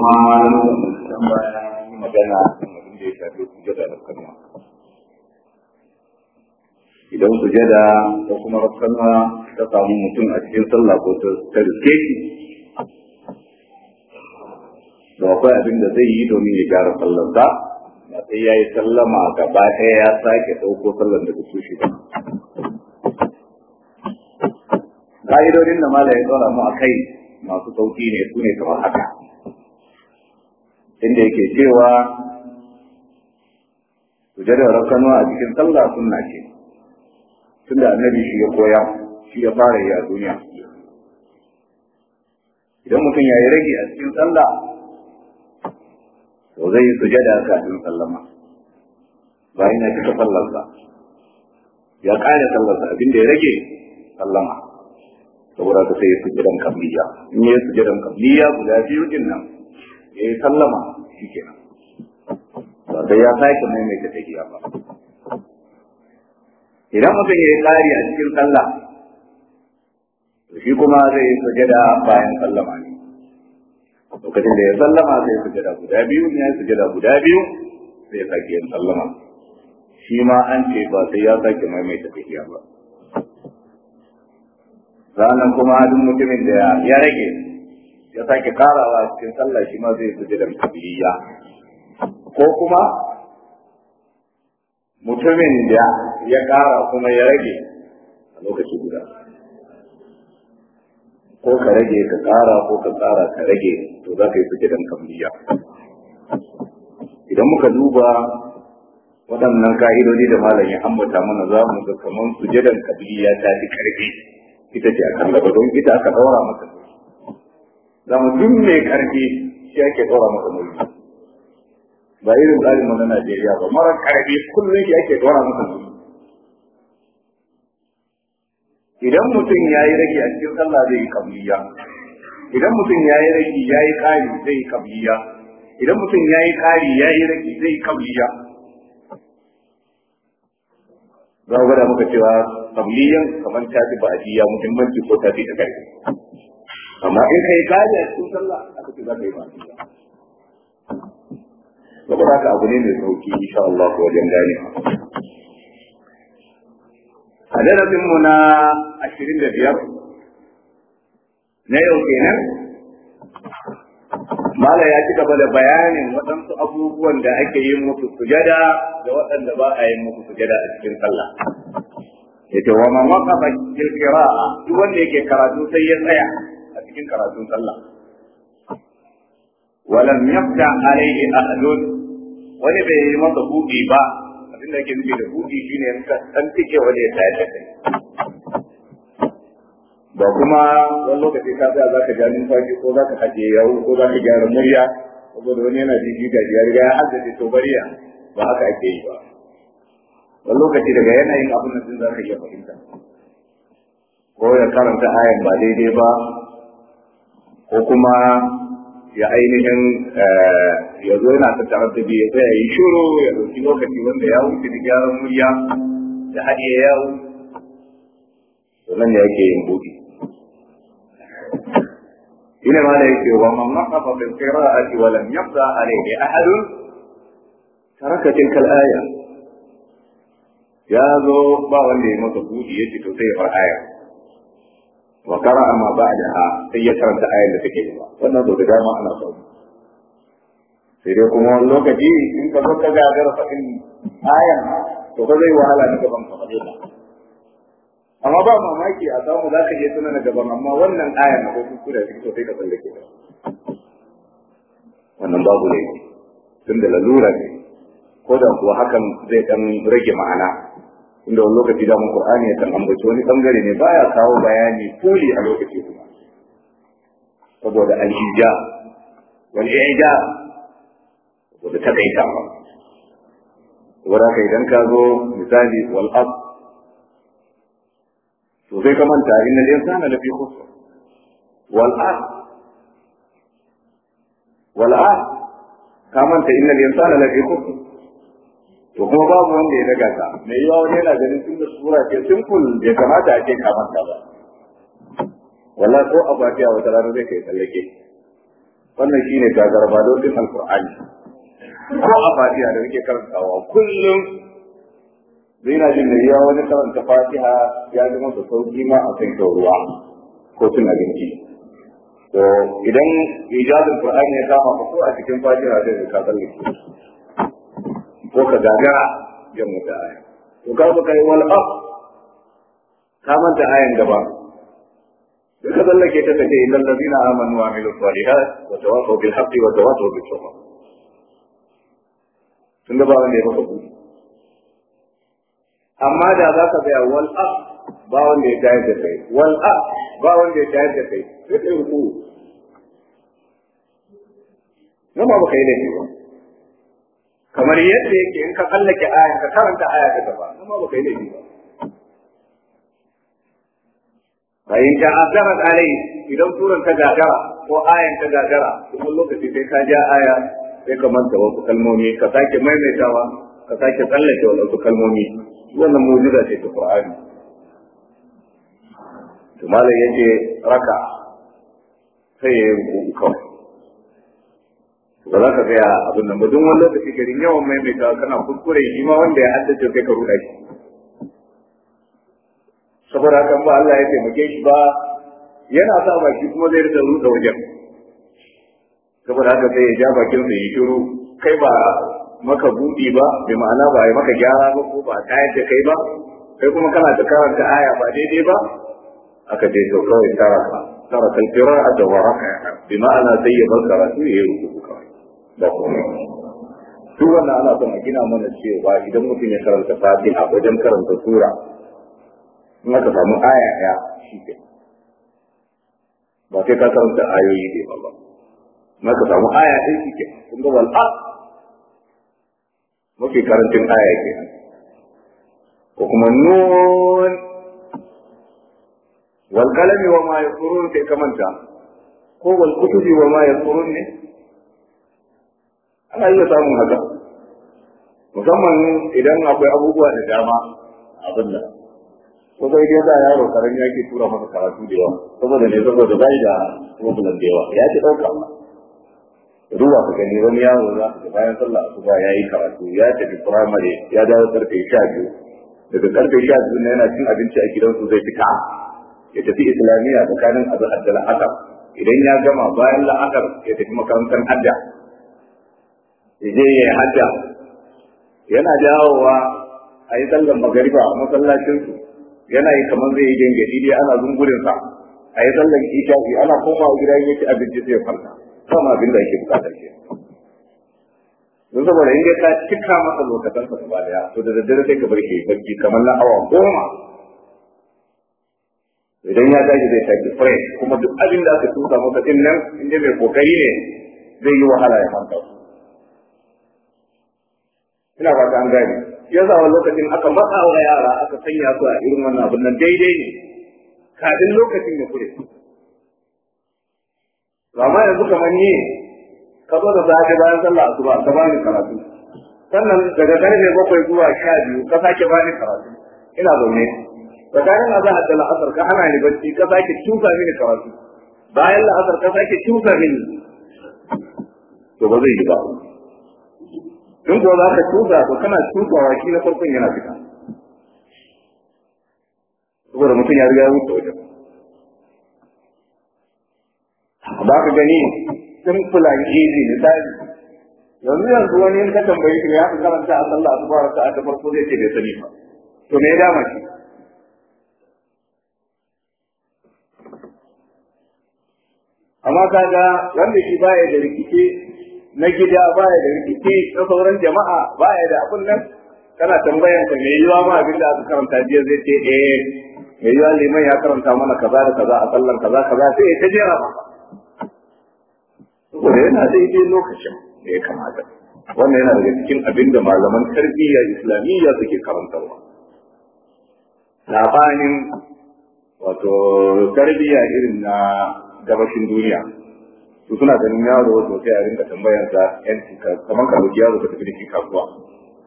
kuma can baya magana ya shafi da idan sujada da kuma ta samu mutum a cikin sallah ko ta riske shi da akwai abin da zai yi domin ya gyara sallarsa na sai ya yi sallama gaba ɗaya ya sake ɗauko sallar daga tushe ka'idodin da mala ya tsora mu a kai masu sauki ne su ne kamar haka inda yake cewa da rakkanuwa a cikin sallah sunna ce tunda annabi shi ya koya shi ya fara yi a duniya idan mutum ya yi rage a cikin sallah to zai yi sujada kafin sallama bayan ya cika sallarsa ya kare sallarsa abinda ya rage sallama saboda ka sai ya sujadan kabliya in ya sujadan kabliya guda biyu din nan ya yi sallama shi ke nan ba sai ya sake maimaita tahiya ba idan mutum ya yi ƙari a cikin sallah shi kuma zai yi sujada bayan sallama ne lokacin da ya sallama zai sujada guda biyu ne sujada guda biyu zai sake yin sallama shi ma an ce ba sai ya sake maimaita tahiya ba sannan kuma duk mutumin da ya rage ya sake karawa cikin sallah shi ma zai su da kabiliya ko kuma mutumin da ya kara kuma ya rage a lokaci guda ko ka rage ka kara ko ka kara ka rage to za ka yi su da kabiliya idan muka duba waɗannan ka'idodi da malam ya ambata mana za mu ga kamar sujadan kabiliya ta fi karfi ita ce kan gaba don ita aka ɗaura masa zama duk mai karfi shi ake ɗora masa nauyi ba irin tsarin mu na Najeriya ba mara karfi kullum shi ake ɗora masa nauyi idan mutum ya yi rage a cikin sallah zai yi kabliya idan mutum ya yi rage ya yi ƙari zai yi kabliya idan mutum ya yi ƙari ya yi rage zai yi kabliya za mu gwada muka cewa kabliyan kamar ta fi ba'adiyya muhimmanci ko ta fi ta ƙarfi amma in kai kare a cikin sallah aka ce za ka yi ba saboda haka abu ne mai sauki insha Allah ko wajen gane a darasin mu na ashirin da biyar na yau kenan Mala ya ci gaba da bayanin waɗansu abubuwan da ake yin musu sujada da waɗanda ba a yin musu sujada a cikin sallah. ce wa man ba fil qira'a duk wanda yake karatu sai ya tsaya cikin karatun sallah walam yabda alaihi ahadun wani bai yi masa buɗi ba abinda yake nufi da buɗi shine yanka san tike wani ya tsaya da kai ba kuma wani lokaci ka tsaya zaka ja numfashi ko zaka haje yawo ko zaka gyara murya saboda wani yana jiji ga ya riga ya haddace to bariya ba haka ake yi ba wani lokaci daga yanayin abin da zaka iya fahimta ko ya karanta ayan ba daidai ba ko kuma ya ainihin eh, ya zo yana ta tarar da sai ta yi shuru ya ɗauki lokaci wanda ya wuce da gyaran murya da haɗe yawo to nan ya yake yin buɗi ina ma da yake wa bin naqafa bil qira'ati wa lam yabda alayhi ne a hadu tarakacin aya ya zo ba wanda ya masa buɗi yake to sai ya fara aya wa qara'a ma ba'daha sai ya karanta ayar da take gaba wannan da dama ana samu sai dai kuma wani lokaci in ka zo ka gagara fa'in ayan to ba zai wahala na gaban ka ba amma ba mamaki a samu za ka iya tuna na gaban amma wannan na ko kuskure da sai ka tsallake ta wannan babu ne tun da lalura ne ko da kuwa hakan zai dan rage ma'ana inda wani lokaci da mun Qur'ani ya kan ambaci wani bangare ne baya kawo bayani fuli a lokaci kuma saboda al wani wal ija saboda takaita saboda haka idan ka zo misali wal ab to zai ka manta inna al-insana lafi khusr wal ab wal ab ka manta inna al-insana lafi khusr to kuma babu wanda ya daga ta mai yiwa wani yana ganin tun da sura tun kun bai kamata ake kamar ta ba wallahi ko a bakiya wata rana zai kai tsallake wannan shine da wajen alkur'ani ko a fatiha da kake karantawa kullum zai na jin da yawa wani karanta fatiha ya ji masa sauki ma a kan ruwa ko suna abinci to idan ijazin qur'ani ya kama ko a cikin fatiha zai ka tsallake ko ka gagara jan wata aya to ka ba kai wal af ka manta ayan gaba duk ka ke ta kace innal ladina amanu wa amilus salihat wa tawassaw bil haqqi wa tawassaw bis sabr tun da ba wanda ya maka buɗi amma da za ka ga wal af ba wanda ya tayar da kai wal af ba wanda ya tayar da kai sai ku, nama na ba ka yi ne ba kamar yadda yake in ka tsallake aya ka karanta aya ta gaba amma ba kai laifi ba bayan ka ta alai idan turan ta gagara ko ayan ta gagara kuma lokaci sai ka ja aya sai ka manta wasu kalmomi ka sake maimaitawa ka sake tsallake wasu kalmomi wannan mu'jiza ce ta Qur'ani to malam yace raka sai ya yi kawai ba za ka tsaya abin nan ba don wani ke garin yawan maimaita kana kuskure shi ma wanda ya haddace sai ka ruɗa shi saboda haka ba Allah ya taimake shi ba yana sa baki kuma zai rika ruɗa wajen saboda haka sai ya ja bakin sai ya shiru kai ba maka buɗi ba bai ma'ana ba ya maka gyara ba ko ba ta yadda kai ba kai kuma kana da karanta aya ba daidai ba aka je sau kawai ka tara al a da waraka bi ma'ana sai ya bar karatu ya yi rubutu ba komai duk wannan ana son a gina mana cewa idan mutum ya karanta a wajen karanta sura in aka samu aya ɗaya shi ke ba sai ka karanta ayoyi ne ba ba in aka samu aya ɗaya shi ke kun ga wal'a mafi karancin aya ke ko kuma nun wal kalami wa ma yaqulun sai kamanta ko wal kutubi wa ma yaqulun ne ana iya samun haka musamman idan akwai abubuwa da dama abin da ko sai dai da yaro karin ke tura masa karatu da yawa saboda ne saboda bai da problem da yawa ya ci dauka ma ruwa ka gani wani yaro za ka bayan sallah asuba ya yi karatu ya tafi primary ya dawo karfe sha biyu daga karfe sha biyu na yana cin abinci a gidansu zai fita ya tafi islamiyya tsakanin abin da la'akar, idan ya gama bayan la'akar ya tafi makarantar adda. je ya hajja yana dawowa a yi sallar magariba a masallacinsu yana yi kamar zai yi gangadi dai ana zungurinsa a yi sallar isha'i ana koma a gida yake abinci sai farka sama abin da yake bukatar ke don saboda in ka cika masa lokacin sa gaba daya to da daddare sai ka bar shi barci kamar na awa goma idan ya tashi zai tafi fresh kuma duk abin da aka tuka masa din nan in dai mai kokari ne zai yi wahala ya farka su ina fata an gane ya zawa wani lokacin aka matsa wa yara aka sanya su a irin wannan abin nan daidai ne kafin lokacin ya kure amma yanzu kamar ni ka zo da safe bayan sallah asuba ka bani karatu sannan daga karfe bakwai zuwa sha biyu ka sake bani karatu ina zaune tsakanin a da la'asar ka ana ni bacci ka sake tusa mini karatu bayan la'asar ka sake tusa mini to ba zai yi ba in kuwa za ka tuka ko kana tukawa shi na farkon yana fita saboda mutum ya riga wuce wajen ba ka gani simple and easy misali yanzu yanzu wani in ka tambayi shi ya fi karanta a sallah asuba raka'a ta farko zai ce bai sani ba to me ya dama shi amma ga wanda shi ba ya da rikice na gida baya da rikici na sauran jama'a baya da abun nan kana tambayan ka me yiwa ma abinda aka karanta jiya zai ce eh me yiwa liman ya karanta mana kaza da kaza a sallar kaza kaza sai ya tajera maka saboda yana daidai lokacin da ya kamata wannan yana daga cikin abinda malaman tarbiyya islamiyya suke karantarwa labanin wato tarbiyya irin na gabashin duniya to suna ganin yaro wato sai a rinka tambayan sa yanci kamar ka roki yaro ka tafi da shi kasuwa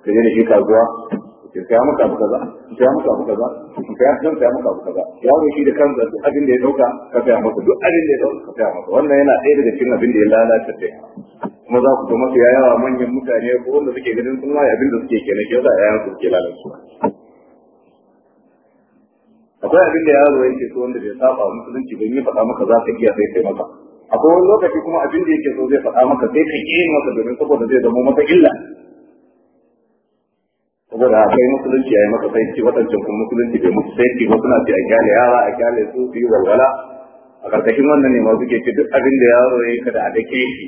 ka je da shi kasuwa ka saya maka abu kaza ka saya maka abu kaza ki saya zan saya maka abu kaza yaro shi da kansa duk abin da ya dauka ka saya maka duk abin da ya dauka ka saya maka wannan yana ɗaya daga cikin abin da ya lalata da kuma za ku ga mafiya yawa manyan mutane ko wanda suke ganin sun waye abin da suke kenan ke yasa yayan su suke lalacewa akwai abin da yaro yake so wanda bai saba musulunci ban yi faɗa maka za ka iya sai sai maka akwai wani lokaci kuma abin da yake so zai faɗa maka sai ka ƙi masa domin saboda zai zama mata illa saboda akwai musulunci a yi masa sai waɗancan kuma musulunci bai musu sai ci na ce a kyale yara a kyale su su walwala a ƙarƙashin wannan ne masu ke ci duk abin da yaro ya yi da a dake shi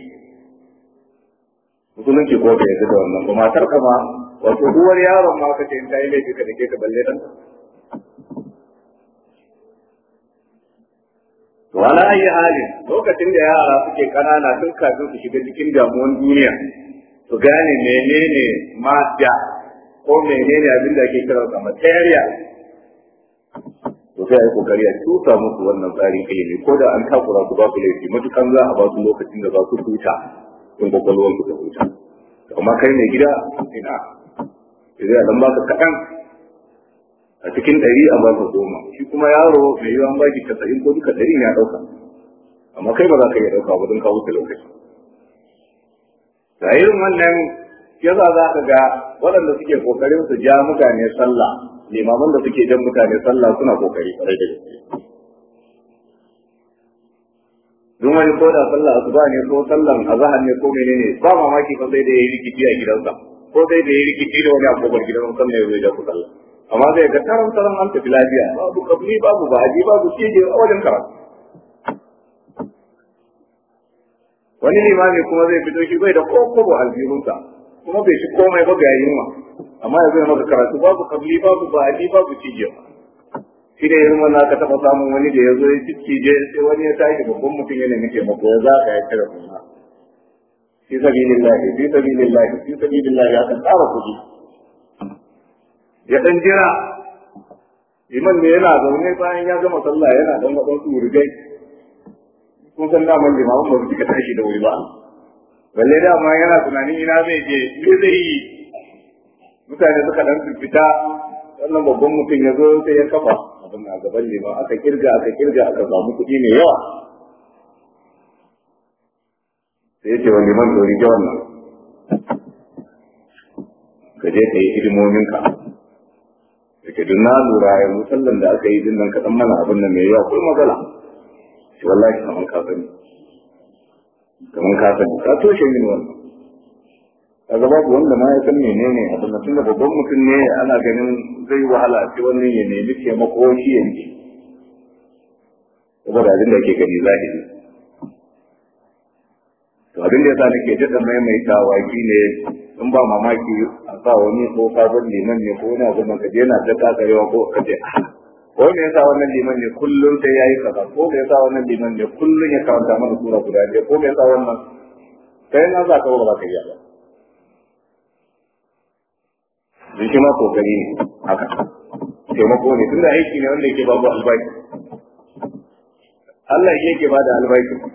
musulunci ko bai yi da wannan ba matar kama, wato duwar yaron ma ka ce in ta yi laifi ka da ke ka balle ɗan Wala halin lokacin da yara suke kanana sun kafin su shiga cikin damuwar duniya su gane menene madda ko menene abin da ake kira da material to sai ai kokari a tuta musu wannan tsarin ilimi ko da an takura su ba su laifi matukan za a ba su lokacin da za su huta in kwakwalwar su ta huta amma kai mai gida ina idan dan ka kaɗan a cikin ɗari a ba ka goma shi kuma yaro mai yiwuwa an baki casa'in ko duka ɗari ya ɗauka amma kai ba za ka iya ɗauka ba don ka wuce lokaci da irin wannan ya za ka ga waɗanda suke ƙoƙarin su ja mutane sallah limaman da suke jan mutane sallah suna ƙoƙari kwarai da gaske don wani ko da sallah asuba ne ko sallan azahar ne ko menene ba mamaki ko sai da ya yi rikici a gidansa ko sai da ya yi rikici da wani abubuwar gidan sannan ya zo ya ja ku sallah amma zai ga taron taron an tafi lafiya babu kabli babu baji babu cije a wajen karatu wani limami kuma zai fito shi bai da kokobo aljihunsa kuma bai shi komai ba ga yunwa amma ya zai maka karatu babu kabli babu baji babu cije shi ne irin na ka taɓa samun wani da ya zo ya sai wani ya tashi babban mutum yana nake mako ya zaka ya cire kuma fi sabilillahi fi sabilillahi fi sabilillahi kan tsara kuɗi ya dan jira iman ne yana zaune bayan ya gama sallah yana dan waɗansu wurgai kun san daman limamin ba su cika tashi da wuri ba balle dama yana tunanin ina zai je me zai yi mutane suka dan fita wannan babban mutum ya zo sai ya kafa abin a gaban liman aka kirga aka kirga aka samu kuɗi mai yawa sai ya ce wani liman dori wannan. nan ka je ka yi hidimominka ce duk na lura ya sallan da aka yi din nan kaɗan mana abin nan mai yawa ko matsala ce wallahi kaman ka sani kaman ka sani ka toshe min wannan gaba ku wanda ma ya san menene abin da tunda babban mutum ne ana ganin zai wahala a ce wannan ya nemi taimako shi ya rike saboda abin da ke gani zahiri to abin da yasa nake mai maimaitawa ne in ba mamaki ba wani ko kafin liman ne ko yana zama kaje da ta kakarewa ko kaje ah. ko me yasa wannan liman ne kullum sai yayi kaza ko me yasa wannan liman ne kullum ya kawanta mana sura guda ne ko me yasa wannan sai na za ka ba ka yi ba duk ma kokari ne haka taimako ne tunda aiki ne wanda yake babu albashi Allah yake ba da albashi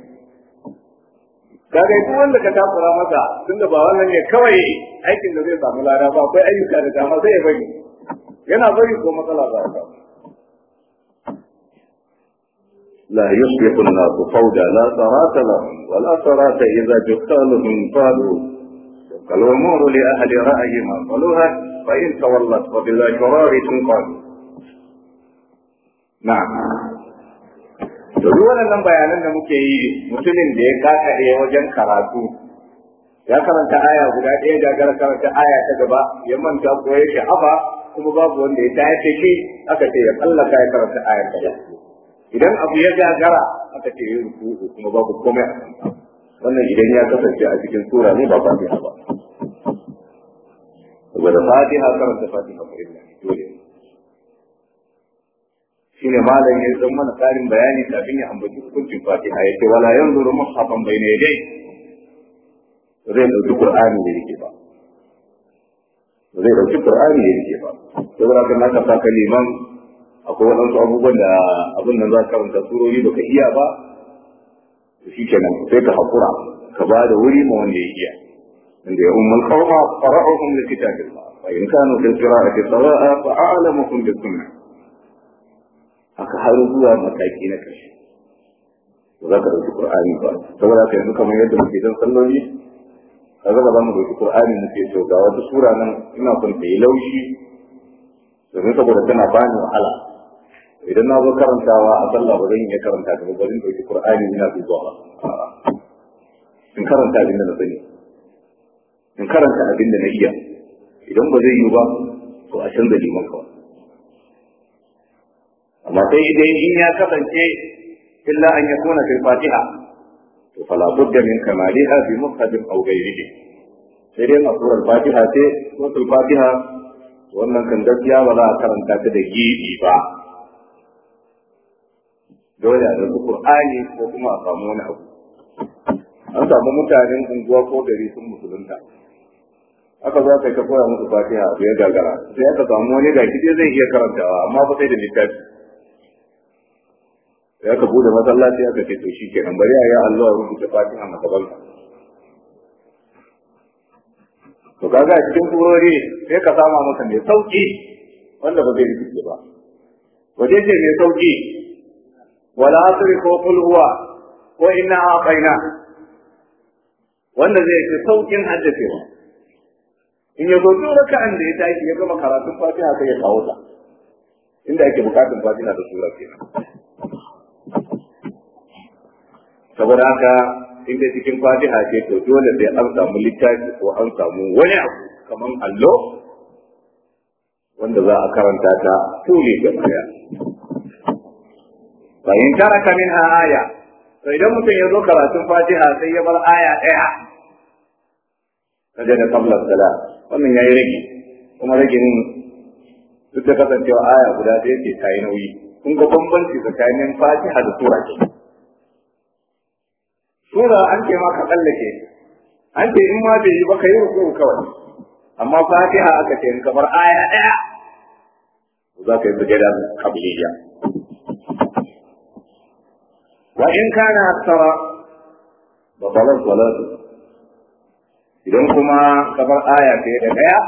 kaga duk wanda ka takura masa tunda ba wannan ne kawai aikin da zai samu lada ba akwai ayyuka da dama zai ya bari yana bari ko matsala za ta لا يصلح الناس فوجا لا صراط لهم ولا صراط إذا جثالهم قالوا فالأمور لأهل رأي ما قالوها فإن تولت فبلا شرار قالوا نعم da duk waɗannan bayanan da muke yi mutumin da ya kaka ɗaya wajen karatu ya karanta aya guda ɗaya da gara karanta aya ta gaba ya manta ko ya sha'afa kuma babu wanda ya dace shi aka ce ya tsallaka ya karanta ta gaba idan abu ya gagara aka ce ya ruku kuma babu komai a kanta wannan idan ya kasance a cikin sura ne ba fatiha ba saboda fatiha karanta fatiha mu'minna dole shine malam ya dan mana tsarin bayani kafin ya ambaci hukuncin Fatiha yace wala yanzu hafan bai ne dai zai ɗauki Qur'ani ya rike ba zai ɗauki Qur'ani ya rike ba saboda na ka saka liman akwai wadansu abubuwan da abin nan za ka karanta surori da ka iya ba shi kenan sai ka hakura ka ba da wuri ma wanda ya iya inda ya ummul qawma qara'uhum li kitabillah fa in kanu fil qira'ati sawa'a fa a'lamukum bis sunnah haka har zuwa mataki na ƙarshe za ka ɗauki ƙur'ani ba saboda ka yanzu kamar yadda muke dan salloli kaga ba za mu ɗauki ƙur'ani muke so ga wata sura nan ina son ta yi laushi domin saboda tana bani wahala idan na zo karantawa a sallah ba zan iya karanta ta ba ba zan ɗauki ƙur'ani ina zuwa ba in karanta abin da na sani in karanta abin da na iya idan ba zai yi ba to a canza liman kawai amma sai idan in ya kasance illa an kuna fil fatiha to fala budda min kamaliha bi mufradin aw ghayrihi sai dai sura fatiha ce sura fatiha wannan kan gaskiya ba za a karanta ta da gidi ba dole a ɗauki qur'ani ko kuma a samu wani abu an samu mutanen unguwa ko gari sun musulunta aka za ka ka koya musu fatiha a biyar gagara sai aka samu wani gashi dai zai iya karantawa amma ba sai da littafi ya ka bude masallaci aka ce to shi nan bari a yi Allah rubuta fatiha na gaban to kaga a cikin surori sai ka sama masa mai sauki wanda ba zai rikice ba waje ce mai sauki wala asri ko kulhuwa ko inna aqaina wanda zai fi saukin haddacewa in ya zo duk an da ya tashi ya gama karatun fatiha sai ya kawo ta inda ake bukatun fatiha da sura kenan saboda haka in dai cikin fatiha ce to dole sai an samu littafi ko an samu wani abu kamar allo wanda za a karanta ta tuli ga daya fa in taraka minha aya to idan mutum ya zo karatun fatiha sai ya bar aya daya kaje da kamla sala wannan yayi rage kuma rage ne duk da kasancewa aya guda ɗaya ce ta yi nauyi kun ga bambanci tsakanin fatiha da sura ce sura an ce ma ka tsallake an ce in ma bai yi ba ka yi ruku kawai amma fatiha aka ce in kamar aya ɗaya za ka yi sujada kabiliya wa in kana tsara ba balan salatu idan kuma kamar aya ce da ɗaya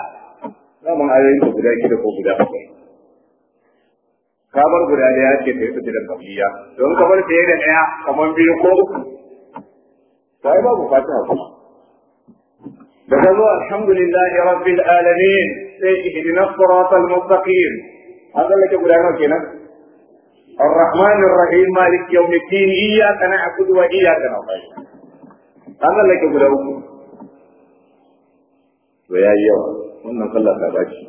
zaman ayoyin ka guda shida ko guda bakwai kamar guda daya ce ka yi da kabiliya don kamar ce da ɗaya kamar biyu ko uku فهي ما بفاتها بس الحمد لله رب العالمين من الصراط المستقيم هذا لك يقول انا كنا الرحمن الرحيم مالك يوم الدين اياك نعبد واياك نعبد هذا لك يقول انا ويا ايها من نقل لك باشي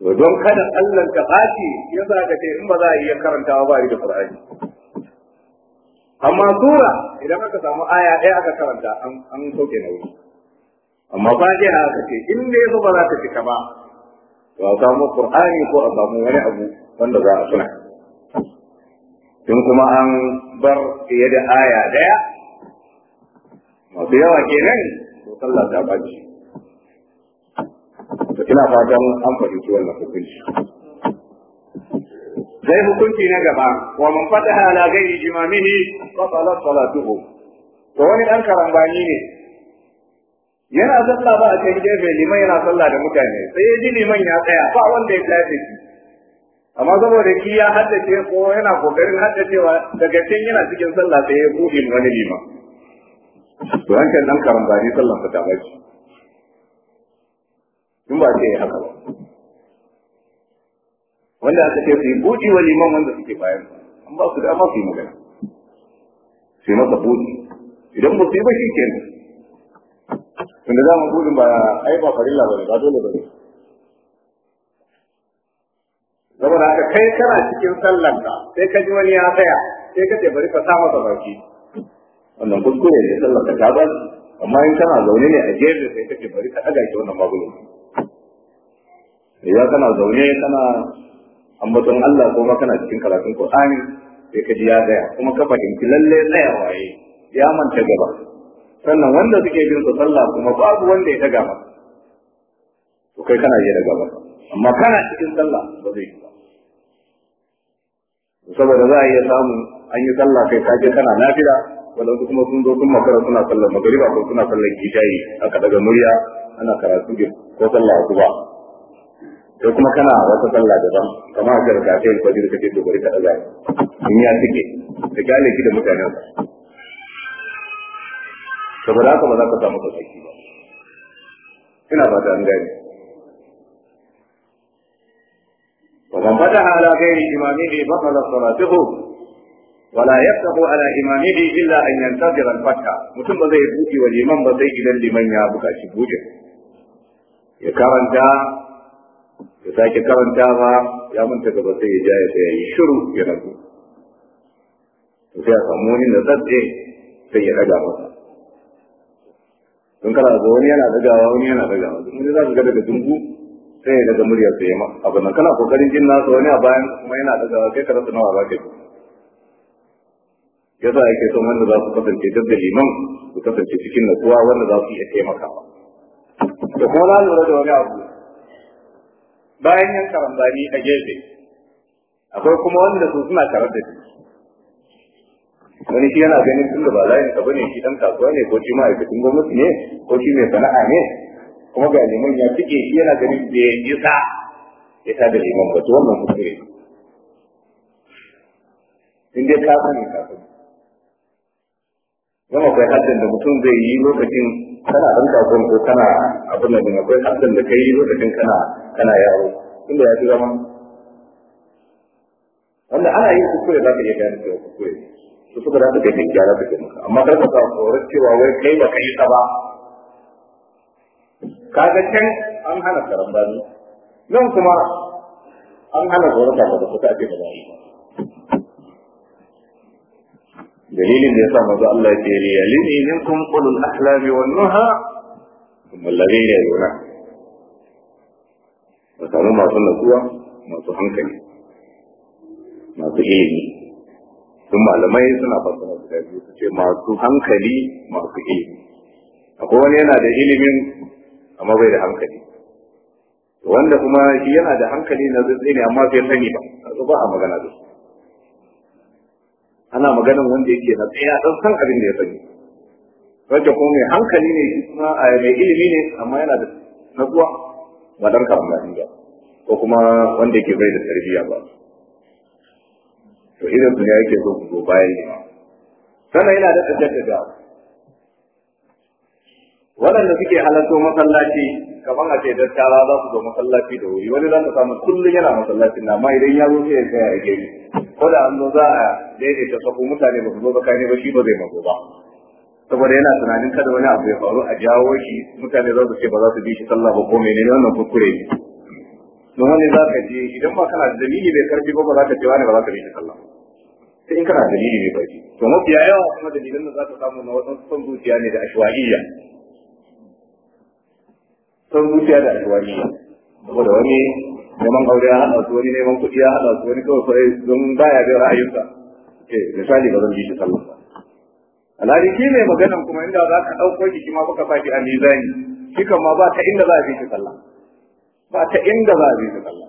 ودون كان قلن كفاتي يبقى كثير ما ذا هي كرم كوابا amma sura idan aka samu aya ɗaya aka karanta an soke wuce. amma fatiha aka ce in dai yasa ba za ta cika ba to a samu qur'ani ko a samu wani abu wanda za a suna tun kuma an bar fiye da aya ɗaya masu yawa kenan to sallah ta baci ina fatan an fahimci wannan hukunci zai hukunci na gaba wa man fataha ala ghairi imamihi batalat salatuhu to wani dan karambani ne yana sallah ba a cikin gefe liman yana sallah da mutane sai ya ji liman ya tsaya ba wanda ya tsaya shi amma saboda ki ya haddace ko yana kokarin haddacewa daga cikin yana cikin sallah sai ya buɗe wani liman to an kan dan karambani sallan fata ba shi in ba ce haka ba wanda aka ce su yi buɗi wa liman wanda suke bayan an ba su dama su yi magana su yi masa buɗi idan ba su yi ba shi kenan tunda za mu buɗin ba ai ba farilla ba ne ba dole ba ne Zama da aka kai kana cikin sallanka sai ka ji wani ya tsaya sai ka ce bari ka sa masa baki wannan kuskure ne sallanka ta ba amma in kana zaune ne a jerin sai ka ce bari ka ɗaga shi wannan magulun idan kana zaune kana ambaton Allah ko kana cikin karatun Qur'ani sai ka ji ya gaya. kuma ka fahimci lalle tsaya waye ya manta gaba sannan wanda suke bin su sallah kuma babu wanda ya daga masa to kai kana yi daga masa amma kana cikin sallah ba zai yi ba saboda za a iya samu an yi sallah kai ka je kana nafila wadansu kuma sun zo sun makara suna sallar magariba ko suna sallar kishayi aka daga murya ana karatu ko sallah asuba sai kuma kana wata sallah daban kama a kira kafe yin kwajiri kake to bari ka ɗaga in ya cike da gane shi da mutanen ba saboda haka ba za ka samu sauƙi ba ina fata an gane ومن فتح على غير إمامه بطل صلاته ولا يفتح على إمامه إلا أن ينتظر الفتح mutum ba zai buɗe wa liman ba sai idan liman ya bukaci buɗe ya karanta ya sake karanta ba ya manta gaba sai ya ja ya sai ya yi shiru ya rabu sai ya samu wani da tsatse sai ya daga masa don kana da wani yana dagawa wani yana dagawa duk wani za ka ga daga dungu sai ya daga muryar sai ya ma abu nan kana kokarin jin nasa wani a bayan kuma yana dagawa kai ka rasa nawa za ka yi yasa ke son wanda za su kasance duk da liman su kasance cikin natsuwa wanda za su iya taimakawa da kuma na lura da wani abu bayan yan karambani a gefe akwai kuma wanda su suna tare da shi wani shi yana ganin tun da ba layin ka bane shi dan kasuwa ne ko shi ma'aikacin gwamnati ne ko shi mai sana'a ne kuma ga liman ya fike shi yana ganin bai isa ya ta da liman ba to wannan kuskure in dai ka sani ka sani don akwai haddin da mutum zai yi lokacin kana ɗan kasuwan ko kana abin da akwai haddin da kai lokacin kana kana yaro tunda ya fi zama wanda ana yin kuskure za ka iya gane cewa kuskure su suka za su kai mai gyara su kai maka amma kar ka sa tsoron cewa wai kai ba ka yi ta ba kaga can an hana karambani nan kuma an hana tsoron ba ka kusa ake da bayi dalilin da ya sa maza Allah ya ce liyalini minkum ulul ahlami wan nuha thumma alladhina yunah ka samu masu natsuwa masu hankali masu ilimi sun malamai suna fassara guda biyu su ce masu hankali masu ilimi akwai wani yana da ilimin amma bai da hankali wanda kuma shi yana da hankali na zai ne amma bai sani ba a ba a magana da su ana maganan wanda yake na tsaya a san abin da ya sani wanda kuma mai hankali ne kuma mai ilimi ne amma yana da natsuwa ba ɗan kamulani ba ko kuma wanda yake bai da tarbiyya ba to idan su yake so ku bayan ne sannan yana da Wannan waɗanda suke halatto masallaci kamar a ce dattara za su zo masallaci da wuri wani za ka samu kullum yana masallacin na amma idan ya zo sai ya tsaya a gefe ko da an zo za a daidaita sahu mutane ba su zo tsakani ba shi ba zai mazo ba saboda yana tunanin kada wani abu ya faru a jawo shi mutane za su ce ba za su bi shi sallah ba ko menene wannan kuskure ne don wani za ka je idan ba kana da dalili mai karfi ba ba za ka ce wani ba za ka bi shi sallah sai in kana da dalili mai karfi to mafiya yawa kuma dalilan da za ka samu na wasu son zuciya ne da ashwa'iyya son zuciya da ashwa'iyya saboda wani neman aure ya haɗa su wani neman kuɗi ya haɗa su wani kawai don baya bin ra'ayinsa eh, misali ba zan bi shi sallah alhali shi ne maganan kuma inda za ka ɗauko shi ma baka faɗi a mizani shi kan ma ba ta inda za a bi shi sallah ba ta inda za a bi shi sallah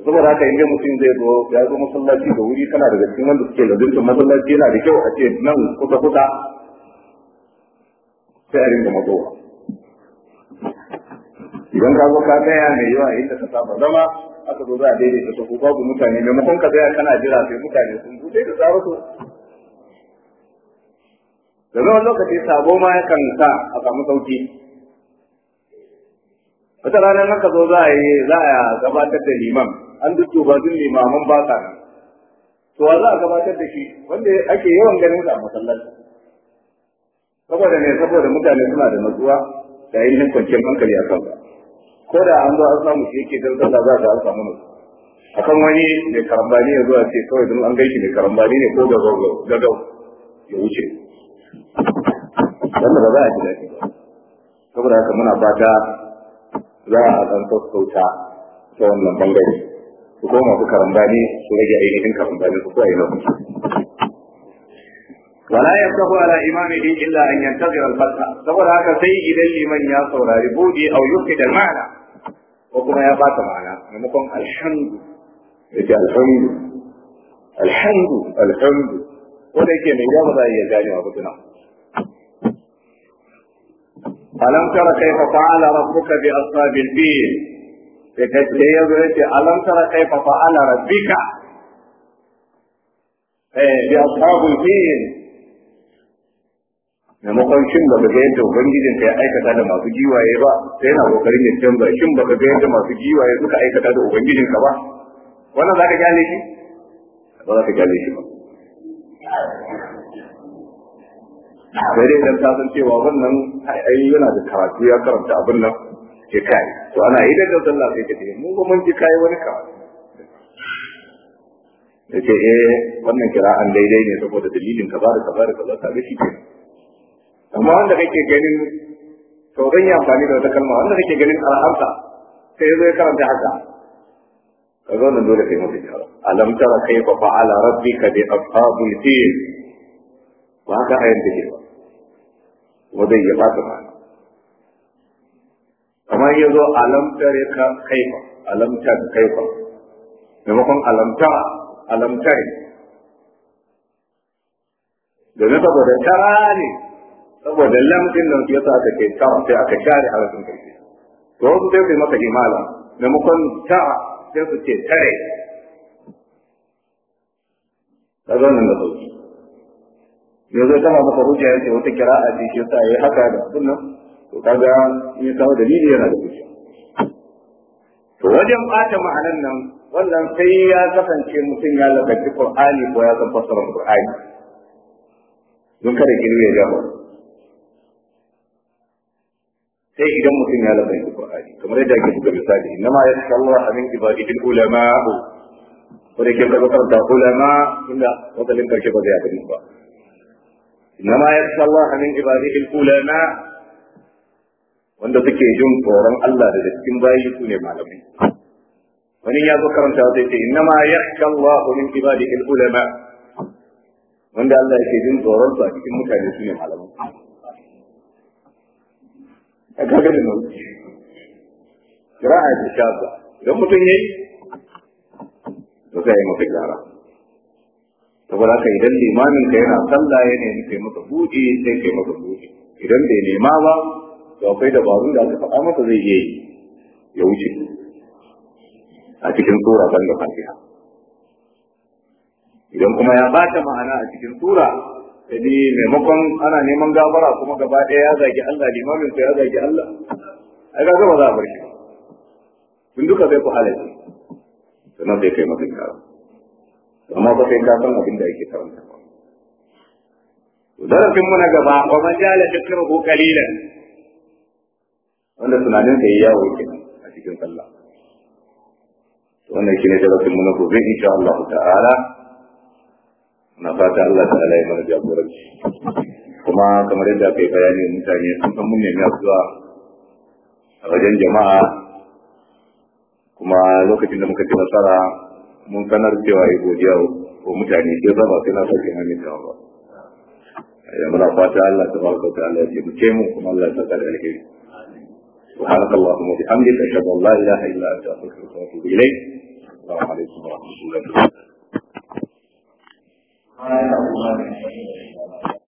saboda haka inda mutum zai zo ya zo masallaci da wuri kana daga cikin wanda suke da lazimtar masallaci yana da kyau a ce nan kusa kusa sai a ringa matsowa idan ka zo ka tsaya mai yawa inda ka saba zama aka zo za a daidaita sahu babu mutane maimakon ka tsaya kana jira sai mutane sun bude da tsaro da zuwa lokaci sabo ma yakan sa a samu sauki wata ranar haka zo za a yi za a gabatar da liman an duk tubatun limamun ba sa nan to za a gabatar da shi wanda ake yawan ganin sa a masallaci saboda ne saboda mutane suna da natsuwa da yin kwanciyar hankali a kan ko da an zo an samu shi yake don za a an samu natsuwa akan wani mai karambani ya zo a ce kawai don an gaishe mai karambani ne ko da gagau ya wuce wanda ba za a ji daɗi ba saboda haka muna fata za a ɗan sassauta ta wannan bangare su koma su karambani su rage ainihin karambani su ko a yi na kusa ولا يفتح على إمامه إلا أن ينتظر الفتح سبب هكا سيد لمن يصور ربودي أو يفقد المعنى وكما يبات معنا نمكم الحمد يجي الحمد الحمد الحمد وده كي من يبضى يجاني وبطنا alam tara kaifa fa'ala rabbuka bi ashabil fil sai kace ya zo yace alam tara kaifa fa'ala rabbika eh bi ashabil fil kan shin da ga yadda ubangijin ka ya aikata da masu giwaye ba sai na kokarin ya canza shin baka ga yadda masu giwaye suka aikata da ubangijin ka ba wannan za ka gane shi ba zaka ka gane shi ba da dai idan ta san cewa wannan ai yana da karatu ya karanta abin nan ke kai to ana yi da sallah sai ke mu mun mun ji kai wani karatu yace eh wannan kira'an daidai ne saboda dalilin ka da ka da ta ga shi amma wanda kake ganin to zan yi amfani da wata kalma wanda kake ganin al'amsa sai ya zo ya karanta haka ka zo nan dole kai mu bincika alam tara kaifa fa'ala rabbika bi ashabil fil ba ka ayyuka ba wadai ya bata mana kamar ya zo alamtar ya kaifa alamtar kaifa maimakon alamta alamtar domin saboda tara ne saboda lamɗin nan ya sa aka ke tara sai aka share harafin karfi to wasu sai su maka himala maimakon tara sai su ce tare ta zo nan da sauki ya zo kama maka hujja ya ce wata kira'a ce shi yasa yayi haka da abin nan to kaga in ya kawo dalili yana da hujja to wajen bata ma'anan nan wannan sai ya kasance mutum ya lakaci Qur'ani ko ya san fasara Qur'ani don kada girbe ya gaba sai idan mutum ya lakaci Qur'ani kamar yadda ake buga misali innama yashallahu min ibadil ulama ko da ke karanta ulama inda limbar ke ba zai yi ba إنما يخشى الله من عباده العلماء wanda suke jin tsoron Allah da cikin bayi su ne malamai wani ya zo karanta wata ce inna ma yakhsha Allah min wanda Allah yake jin tsoron su a cikin mutane malamai a mafi gyara saboda haka idan limamin ka yana sallah yana nemi kai maka buɗe sai kai maka buɗe idan bai nema ba to akwai dabarun da aka faɗa maka zai iya yi ya wuce a cikin tsura ban da fatiha idan kuma ya bata ma'ana a cikin tsura, jadi maimakon ana neman gabara kuma gaba ɗaya ya zagi Allah limamin sa ya zagi Allah ai ga ba za a bar shi tun duka sai ku halaye sannan sai kai masa kara amma ba sai ka san abin da ake karanta zarafin mu na gaba wa man jala ko wanda tunanin da yayi yawo kenan a cikin sallah to wannan shine zarafin mu na gobe insha Allah ta'ala na fata Allah ta'ala ya mana jagoranci kuma kamar yadda kai bayani mutane sun san mun nemi zuwa a wajen jama'a kuma lokacin da muka ci nasara mun sanar cewa ya godiya wa mutane sai ba sai na sauke hannun ta ba ya eh, muna fata Allah ta baraka ta Allah ya mu mu kuma Allah ta kada alheri سبحانك اللهم وبحمدك اشهد ان لا اله الا انت استغفرك واتوب اليك السلام عليكم ورحمه الله وبركاته